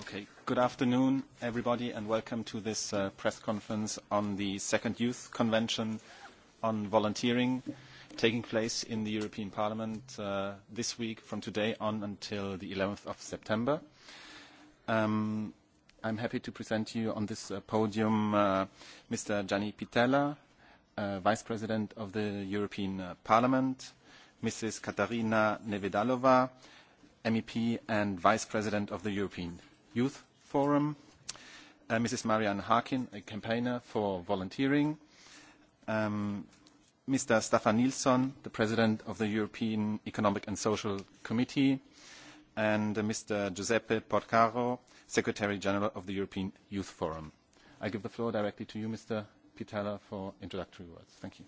Okay. Good afternoon, everybody, and welcome to this uh, press conference on the second youth convention on volunteering taking place in the European Parliament uh, this week from today on until the 11th of September. Um, I'm happy to present you on this uh, podium uh, Mr. Gianni Pitella, uh, Vice President of the European uh, Parliament, Mrs. Katarina Nevedalova, MEP and Vice President of the European youth forum uh, mrs marianne harkin a campaigner for volunteering um, mr stefan nilsson the president of the european economic and social committee and uh, mr giuseppe porcaro secretary general of the european youth forum i give the floor directly to you mr pitella for introductory words thank you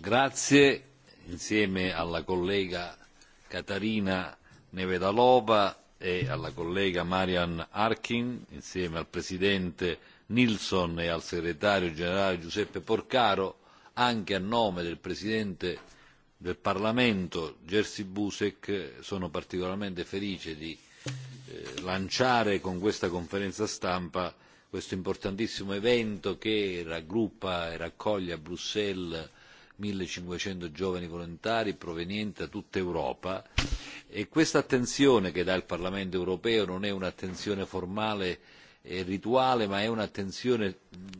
grazie insieme alla collega Katarina Nevedalova e alla collega marian harkin insieme al presidente nilsson e al segretario generale giuseppe porcaro anche a nome del presidente del parlamento jerzy buzek sono particolarmente felice di eh, lanciare con questa conferenza stampa questo importantissimo evento che raggruppa e raccoglie a Bruxelles 1500 giovani volontari provenienti da tutta Europa, e questa attenzione che dà il parlamento europeo non è un'attenzione formale e rituale ma è un'attenzione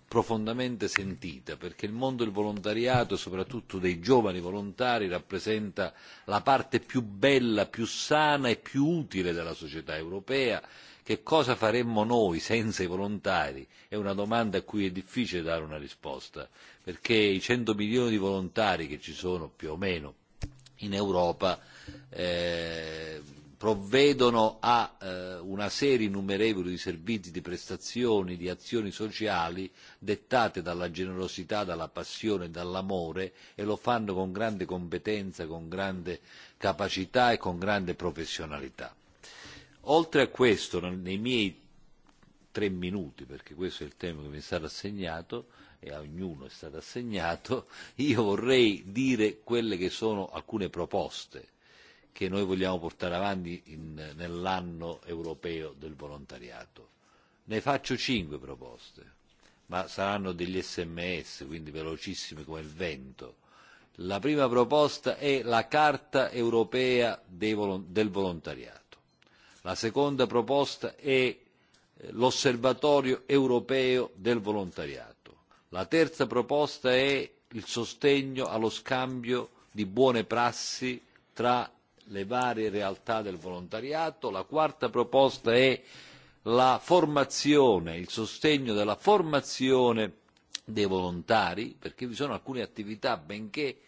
profondamente sentita perché il mondo del volontariato soprattutto dei giovani volontari rappresenta la parte più bella più sana e più utile della società europea che cosa faremmo noi senza i volontari è una domanda a cui è difficile dare una risposta perché i cento milioni di volontari che ci sono più o meno in europa Eh, provvedono a eh, una serie innumerevole di servizi, di prestazioni, di azioni sociali dettate dalla generosità, dalla passione e dall'amore e lo fanno con grande competenza, con grande capacità e con grande professionalità. Oltre a questo, nei miei tre minuti, perché questo è il tema che mi è stato assegnato e a ognuno è stato assegnato, io vorrei dire quelle che sono alcune proposte che noi vogliamo portare avanti in, nell'anno europeo del volontariato. Ne faccio cinque proposte, ma saranno degli sms, quindi velocissimi come il vento. La prima proposta è la Carta europea dei, del volontariato. La seconda proposta è eh, l'Osservatorio europeo del volontariato. La terza proposta è il sostegno allo scambio di buone prassi tra le varie realtà del volontariato. La quarta proposta è la formazione, il sostegno della formazione dei volontari, perché vi sono alcune attività, benché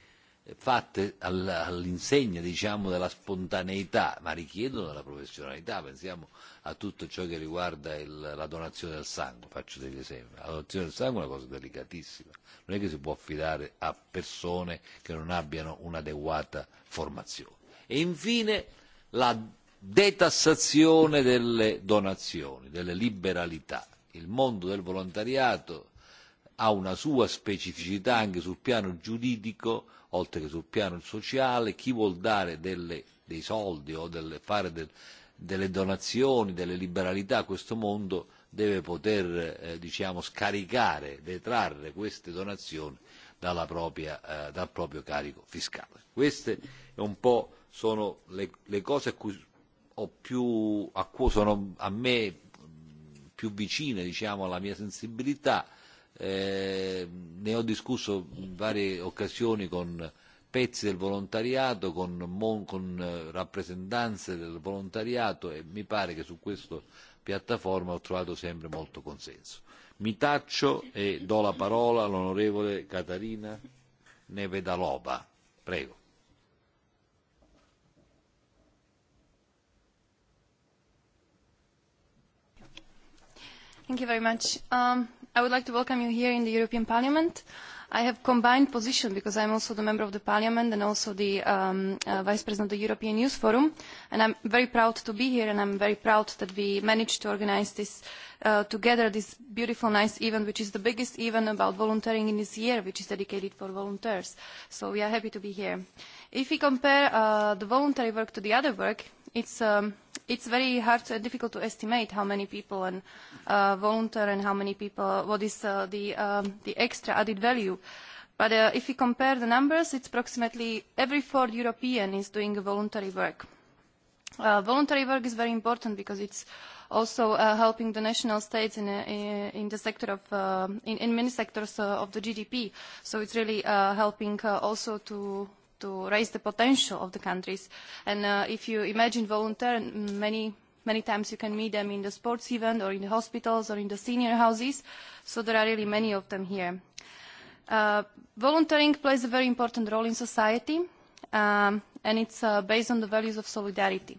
fatte all'insegna diciamo, della spontaneità, ma richiedono della professionalità, pensiamo a tutto ciò che riguarda il, la donazione del sangue, faccio degli esempi, la donazione del sangue è una cosa delicatissima, non è che si può affidare a persone che non abbiano un'adeguata formazione. E infine la detassazione delle donazioni, delle liberalità. Il mondo del volontariato ha una sua specificità anche sul piano giuridico, oltre che sul piano sociale. Chi vuol dare delle, dei soldi o delle, fare del, delle donazioni, delle liberalità a questo mondo deve poter eh, diciamo, scaricare, detrarre queste donazioni dalla propria, eh, dal proprio carico fiscale. Queste è un po' sono le, le cose a cui, ho più, a cui sono a me mm, più vicine diciamo, alla mia sensibilità. Eh, ne ho discusso in varie occasioni con pezzi del volontariato, con, mon, con eh, rappresentanze del volontariato e mi pare che su questa piattaforma ho trovato sempre molto consenso. Mi taccio e do la parola all'onorevole Catarina Nevedalova. Prego. Thank you very much. Um, I would like to welcome you here in the European Parliament. I have combined position because I'm also the member of the Parliament and also the um, uh, Vice President of the European Youth Forum. And I'm very proud to be here and I'm very proud that we managed to organize this uh, together, this beautiful, nice event, which is the biggest event about volunteering in this year, which is dedicated for volunteers. So we are happy to be here. If we compare uh, the voluntary work to the other work, it's um, it's very hard and uh, difficult to estimate how many people and uh, volunteer and how many people what is uh, the um, the extra added value. But uh, if you compare the numbers, it's approximately every fourth European is doing voluntary work. Uh, voluntary work is very important because it's also uh, helping the national states in, uh, in, in the sector of, uh, in, in many sectors uh, of the GDP. So it's really uh, helping uh, also to to raise the potential of the countries. And uh, if you imagine volunteer, many, many times you can meet them in the sports event or in the hospitals or in the senior houses. So there are really many of them here. Uh, volunteering plays a very important role in society um, and it's uh, based on the values of solidarity.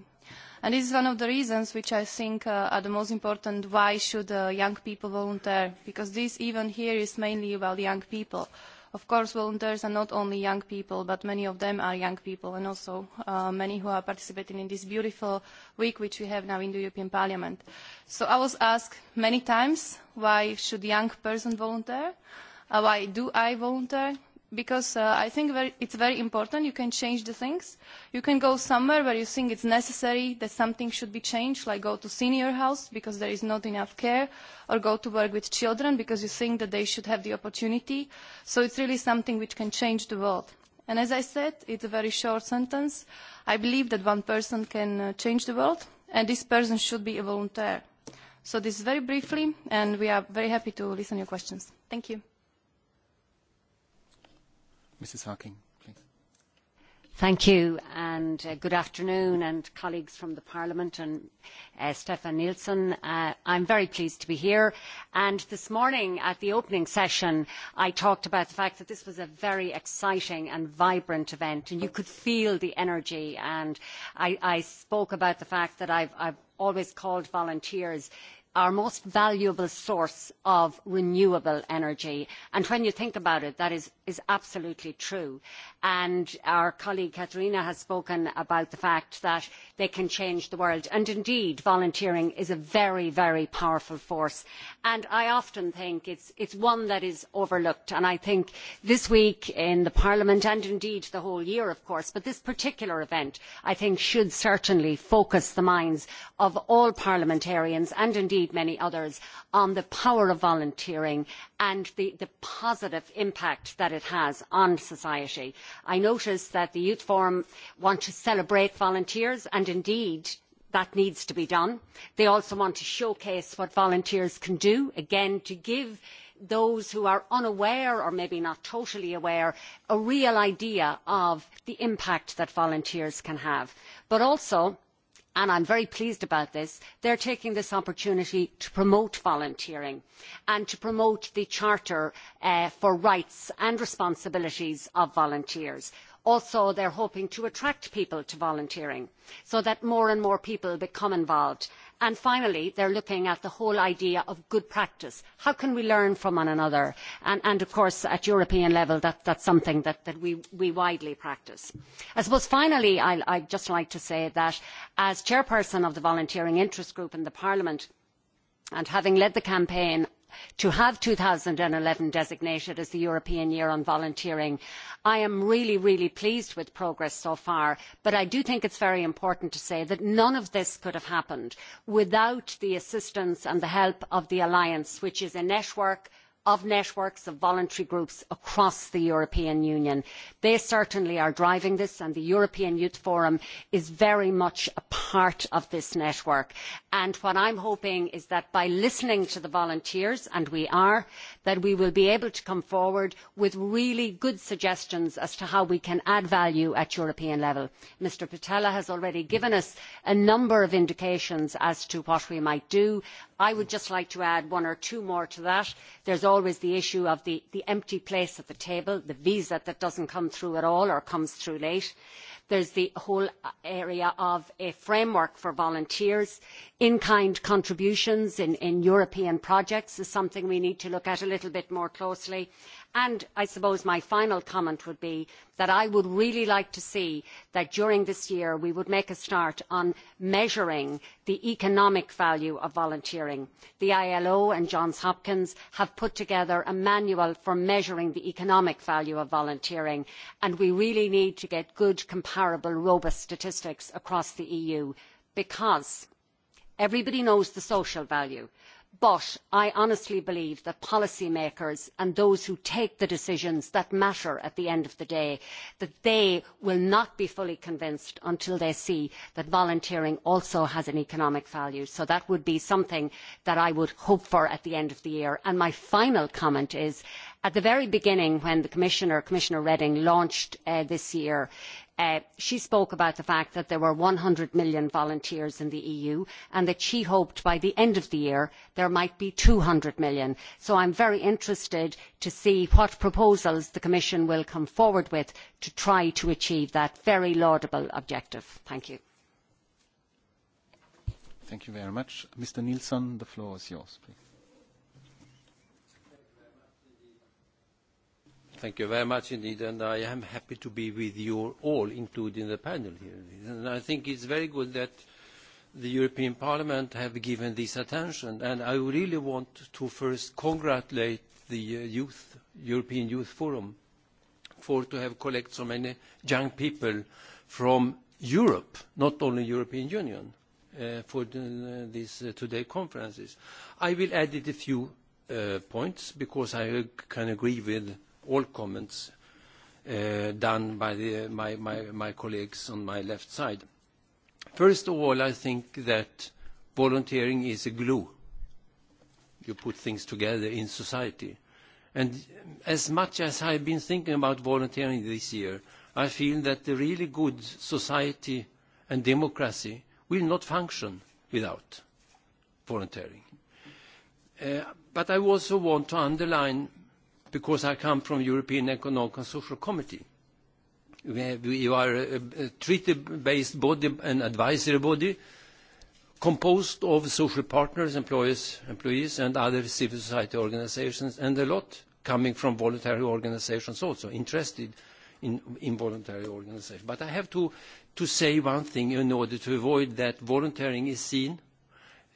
And this is one of the reasons which I think uh, are the most important why should uh, young people volunteer because this even here is mainly about young people. Uh, of course, volunteers are not only young people, but many of them are young people and also uh, many who are participating in this beautiful week which we have now in the European Parliament. So I was asked many times, why should young person volunteer? Uh, why do I volunteer? because uh, I think very, it's very important. You can change the things. You can go somewhere where you think it's necessary that something should be changed, like go to senior house because there is not enough care, or go to work with children because you think that they should have the opportunity. So it's really something which can change the world. And as I said, it's a very short sentence. I believe that one person can uh, change the world, and this person should be a volunteer. So this is very briefly, and we are very happy to listen to your questions. Thank you. Mrs. Hawking, please. Thank you, and uh, good afternoon, and colleagues from the Parliament and uh, Stefan Nielsen. Uh, I'm very pleased to be here. And this morning, at the opening session, I talked about the fact that this was a very exciting and vibrant event, and you could feel the energy. And I, I spoke about the fact that I've, I've always called volunteers our most valuable source of renewable energy. And when you think about it, that is is absolutely true and our colleague katharina has spoken about the fact that they can change the world and indeed volunteering is a very very powerful force and i often think it is one that is overlooked and i think this week in parliament and indeed the whole year of course but this particular event i think should certainly focus the minds of all parliamentarians and indeed many others on the power of volunteering and and the, the positive impact that it has on society. I notice that the Youth Forum want to celebrate volunteers and indeed that needs to be done. They also want to showcase what volunteers can do, again, to give those who are unaware or maybe not totally aware a real idea of the impact that volunteers can have. But also, and i am very pleased about this they are taking this opportunity to promote volunteering and to promote the charter uh, for rights and responsibilities of volunteers also they are hoping to attract people to volunteering so that more and more people become involved and finally they are looking at the whole idea of good practice how can we learn from one another and of course at european level that is something that we widely practice. finally i would just like to say that as chairperson of the volunteering interest group in parliament and having led the campaign to have two thousand and eleven designated as the european year on volunteering i am really really pleased with progress so far but i do think it is very important to say that none of this could have happened without the assistance and the help of the alliance which is a network of networks of voluntary groups across the european union. they certainly are driving this and the european youth forum is very much a part of this network. what i am hoping is that by listening to the volunteers and we are we will be able to come forward with really good suggestions as to how we can add value at european level. mr pittella has already given us a number of indications as to what we might do. i would just like to add one or two more to that. there always the issue of the empty place at the table the visa that does not come through at all or comes through late there is the whole area of a framework for volunteers in kind contributions in european projects is something we need to look at a little bit more closely and i suppose my final comment would be that i would really like to see that during this year we would make a start on measuring the economic value of volunteering. the ilo and johns hopkins have put together a manual for measuring the economic value of volunteering and we really need to get good comparative comparable robust statistics across the eu because everybody knows the social value but i honestly believe that policy makers and those who take the decisions that matter at the end of the day will not be fully convinced until they see that volunteering also has an economic value so that would be something that i would hope for at the end of the year. my final comment is that at the very beginning when commissioner reding launched uh, this year uh, she spoke about the fact that there were one hundred million volunteers in the eu and that she hoped by the end of the year there might be two hundred million so i am very interested to see what proposals the commission will come forward with to try to achieve that very laudable objective. thank you. Thank you very much indeed, and I am happy to be with you all, including the panel here. And I think it's very good that the European Parliament have given this attention, and I really want to first congratulate the uh, youth, European Youth Forum for to have collected so many young people from Europe, not only European Union, uh, for the, uh, these uh, today conferences. I will add a few uh, points because I can agree with all comments uh, done by my colleagues on my left side. First of all, I think that volunteering is a glue. You put things together in society. As much as I've been thinking about volunteering this year, I feel that the really good society and democracy will not function without volunteering. Uh, I also want to underline because I come from European Economic and Social Committee. We, have, we are a, a treaty-based body, an advisory body, composed of social partners, employers, employees, and other civil society organizations, and a lot coming from voluntary organizations also, interested in, in voluntary organizations. But I have to, to say one thing in order to avoid that volunteering is seen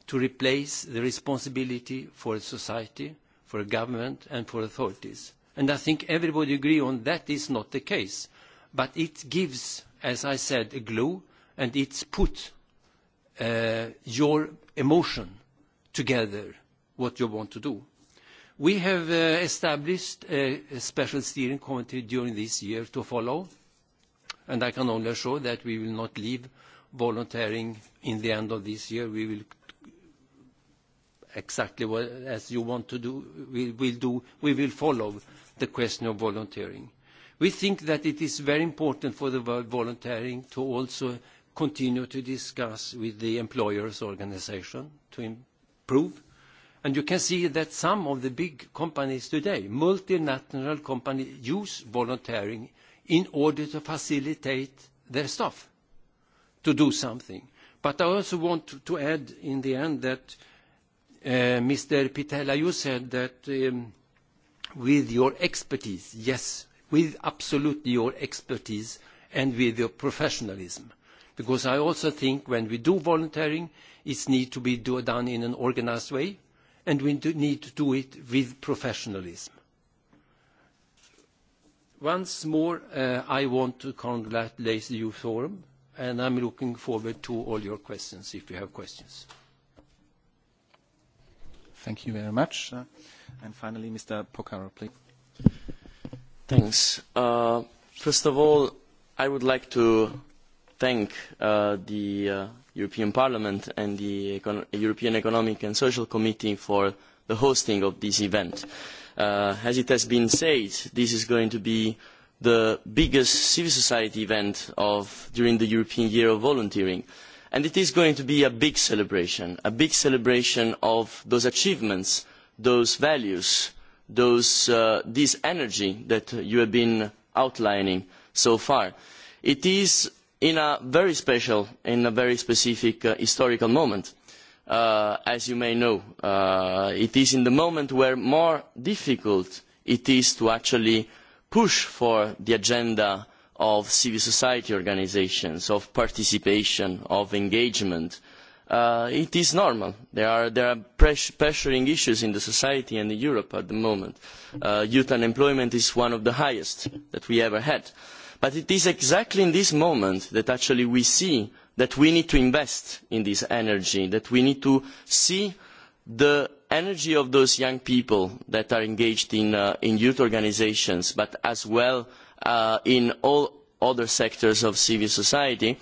to replace the responsibility for society, for a government and for authorities. And I think everybody agree on that is not the case. But it gives, as I said, a glue and it's put uh, your emotion together what you want to do. We have uh, established a, a special steering committee during this year to follow. And I can only assure that we will not leave volunteering in the end of this year. We will exactly what as you want to do we will do we will follow the question of volunteering we think that it is very important for the word volunteering to also continue to discuss with the employers organization to improve and you can see that some of the big companies today multinational companies use volunteering in order to facilitate their staff to do something but i also want to, to add in the end that Uh, Mr. Pitella, you said that um, with your expertise, yes, with absolutely your expertise and with your professionalism. Because I also think when we do volunteering, it needs to be do, done in an organized way and we do, need to do it with professionalism. Once more, uh, I want to congratulate the Youth Forum and I'm looking forward to all your questions if you have questions. Thank you very much. Uh, and finally, Mr. Pokaro, please. Thanks. Uh, first of all, I would like to thank uh, the uh, European Parliament and the Econ European Economic and Social Committee for the hosting of this event. Uh, as it has been said, this is going to be the biggest civil society event of, during the European Year of Volunteering. Uh, it is going to be a big celebration a big celebration of those achievements those values uh, this energy that you have been outlining so far. it is in a very special in a very specific uh, historical moment uh, as you may know. it is in the moment where more difficult it is to actually push for the agenda of civil society organisations of participation of engagement uh, it is normal. There are, there are pres- pressuring issues in the society and in Europe at the moment. Uh, youth unemployment is one of the highest that we ever had. But it is exactly in this moment that actually we see that we need to invest in this energy, that we need to see the energy of those young people that are engaged in, uh, in youth organizations, but as well Uh, in all other sectors of civil society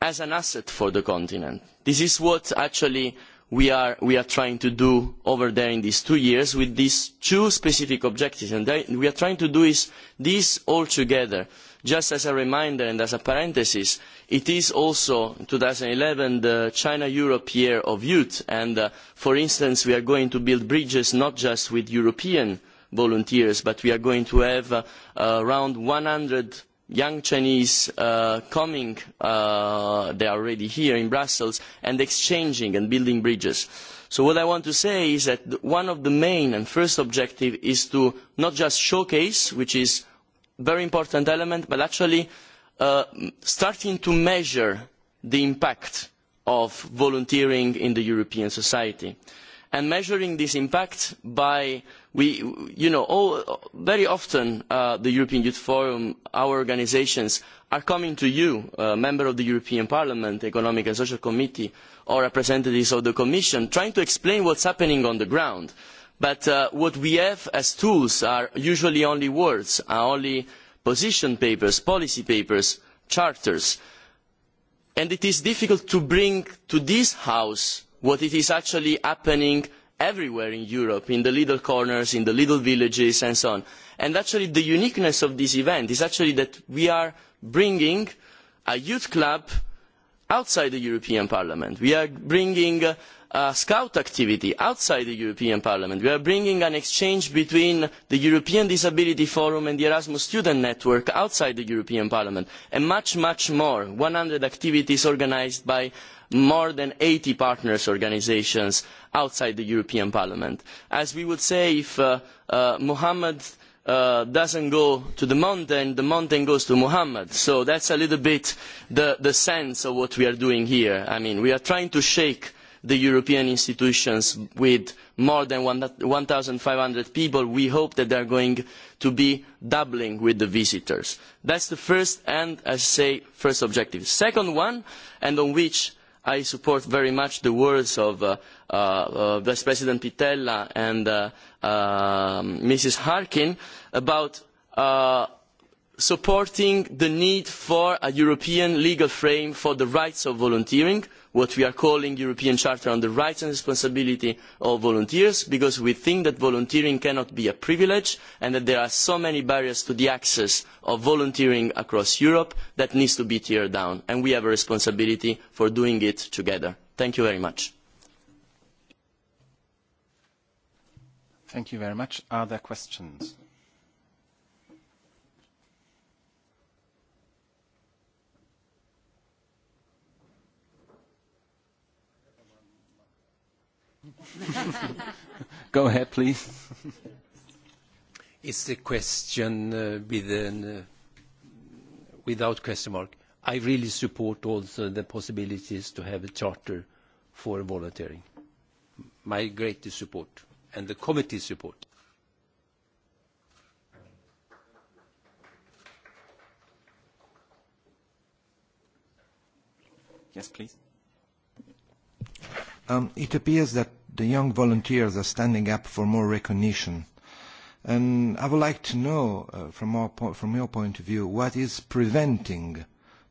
as an asset for the continent. this is what actually we are trying to do over there in these two years with these two specific objectives and we are trying to do this all together. just as a reminder and as a parenthesis it is also two thousand and eleven the china europe year of youth and uh, for instance we are going to build bridges not just with european volunteers but we are going to have uh, around one hundred young chinese uh, coming uh, they are already here in brussels and exchanging and building bridges. so what i want to say is that one of the main and first objectives is to not just showcase which is a very important element but actually start to measure the impact of volunteering in european society and measuring this impact by we you know all, very often uh, the european youth forum our organisations are coming to you a uh, member of the european parliament economic and social committee or representatives of the commission trying to explain what's happening on the ground but uh, what we have as tools are usually only words are only position papers policy papers charters and it is difficult to bring to this house uh, what is actually happening everywhere in europe in the little corners in the little villages and so on. the uniqueness of this event is actually that we are bringing a youth club outside the european parliament we are bringing a scout activity outside the european parliament we are bringing an exchange between the european disability forum and the erasmus student network outside the european parliament and much much more one hundred activities organised by more than eighty partner organisations outside the european parliament. as we would say if uh, uh, mohammed uh, does not go to the mountain the mountain goes to mohammed so that is a little bit the sense of what we are doing here. i mean we are trying to shake the european institutions with more than one five hundred people we hope that they are going to be doubling with the visitors. that is the first and as i say first objective. the second one and on which i support very much the words of uh, uh, vice president pitella and uh, uh, um, mrs harkin about uh, supporting the need for a european legal frame for the rights of volunteering what we are calling the european charter on the rights and responsibilities of volunteers because we think that volunteering cannot be a privilege and that there are so many barriers to access to volunteering across europe that need to be torn down and we have a responsibility for doing it together. thank you very much. thank you very much. are there questions? go ahead please it's the question uh, with an, uh, without question mark i really support also the possibilities to have a charter for volunteering my greatest support and the committee's support yes please Um, it appears that the young volunteers are standing up for more recognition. And I would like to know, uh, from, our po- from your point of view, what is preventing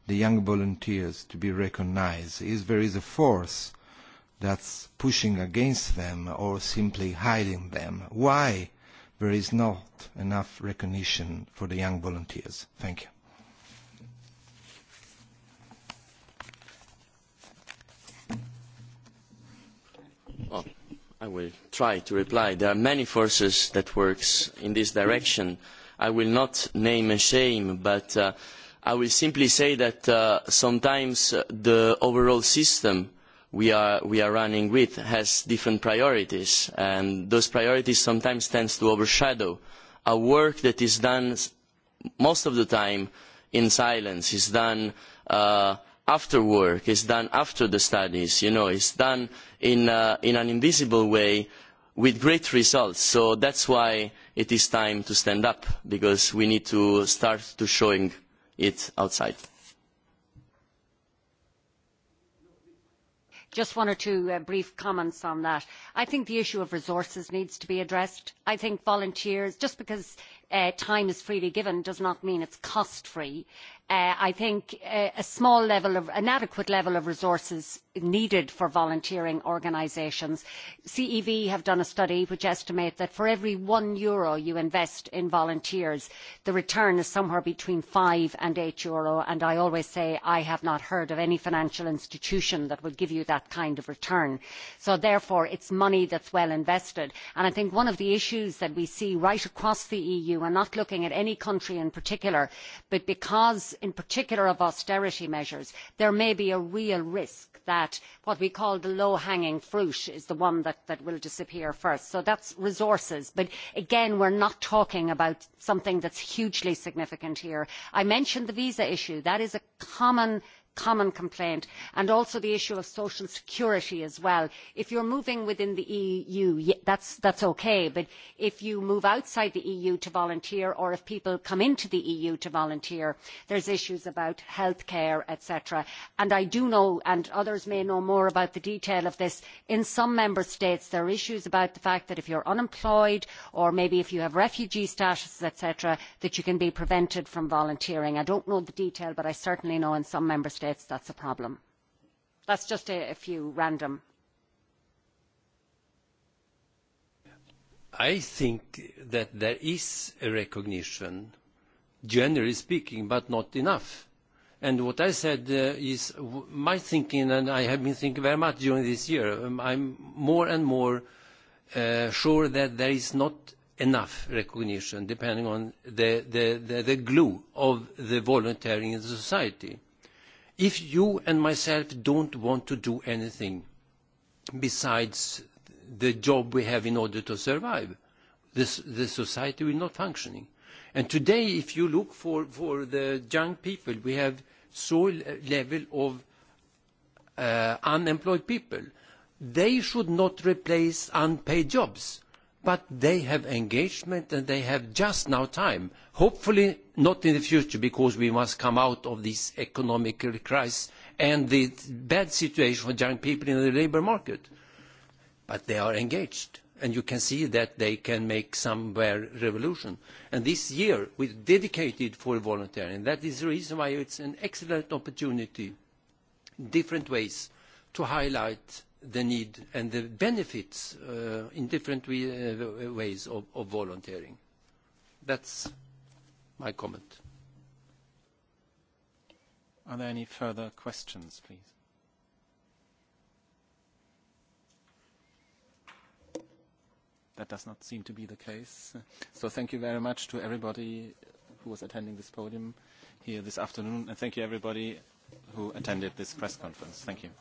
the young volunteers to be recognized? Is there is a force that's pushing against them or simply hiding them? Why there is not enough recognition for the young volunteers? Thank you. Well, I will try to reply. There are many forces that work in this direction. I will not name and shame, but uh, I will simply say that uh, sometimes uh, the overall system we are, we are running with has different priorities, and those priorities sometimes tend to overshadow a work that is done most of the time in silence, is done uh, after work is done after the studies is done uh, in an invisible way with great results so that is why it is time to stand up because we need to start showing it outside. Just one or two uh, brief comments on that. I think the issue of resources needs to be addressed. I think volunteers, just because uh, time is freely given, does not mean it's cost-free. Uh, i think uh, a small level of an adequate level of resources needed for volunteering organisations cev have done a study which estimates that for every one euro you invest in volunteers the return is somewhere between five and eight euro and i always say i have not heard of any financial institution that would give you that kind of return so therefore it is money that is well invested and i think one of the issues that we see right across the eu and not looking at any country in particular but because in particular of austerity measures there may be a real risk that what we call the low hanging fruit is the one that will disappear first so that is resources but again we are not talking about something that is hugely significant here. i mentioned the visa issue that is a common common complaint and also the issue of social security as well. If you're moving within the EU, that's, that's okay, but if you move outside the EU to volunteer or if people come into the EU to volunteer, there's issues about healthcare, etc. And I do know, and others may know more about the detail of this, in some member states there are issues about the fact that if you're unemployed or maybe if you have refugee status, etc., that you can be prevented from volunteering. I don't know the detail, but I certainly know in some member states states that is a problem. That is just a, a few random. I think that there is a recognition, generally speaking, but not enough. And what I said uh, is w- my thinking, and I have been thinking very much during this year, um, I'm more and more uh, sure that there is not enough recognition depending on the, the, the, the glue of the volunteering in the society if you and myself don't want to do anything besides the job we have in order to survive, this, the society will not functioning. And today, if you look for, for the young people, we have so level of uh, unemployed people. They should not replace unpaid jobs but they have engagement and they have just now time. Hopefully not in the future because we must come out of this economic crisis and the bad situation for young people in the labour market. But they are engaged and you can see that they can make somewhere revolution. And this year we dedicated for volunteering. That is the reason why it's an excellent opportunity, different ways to highlight the need and the benefits uh, in different we, uh, ways of, of volunteering. That's my comment. Are there any further questions, please? That does not seem to be the case. So thank you very much to everybody who was attending this podium here this afternoon, and thank you everybody who attended this press conference. Thank you.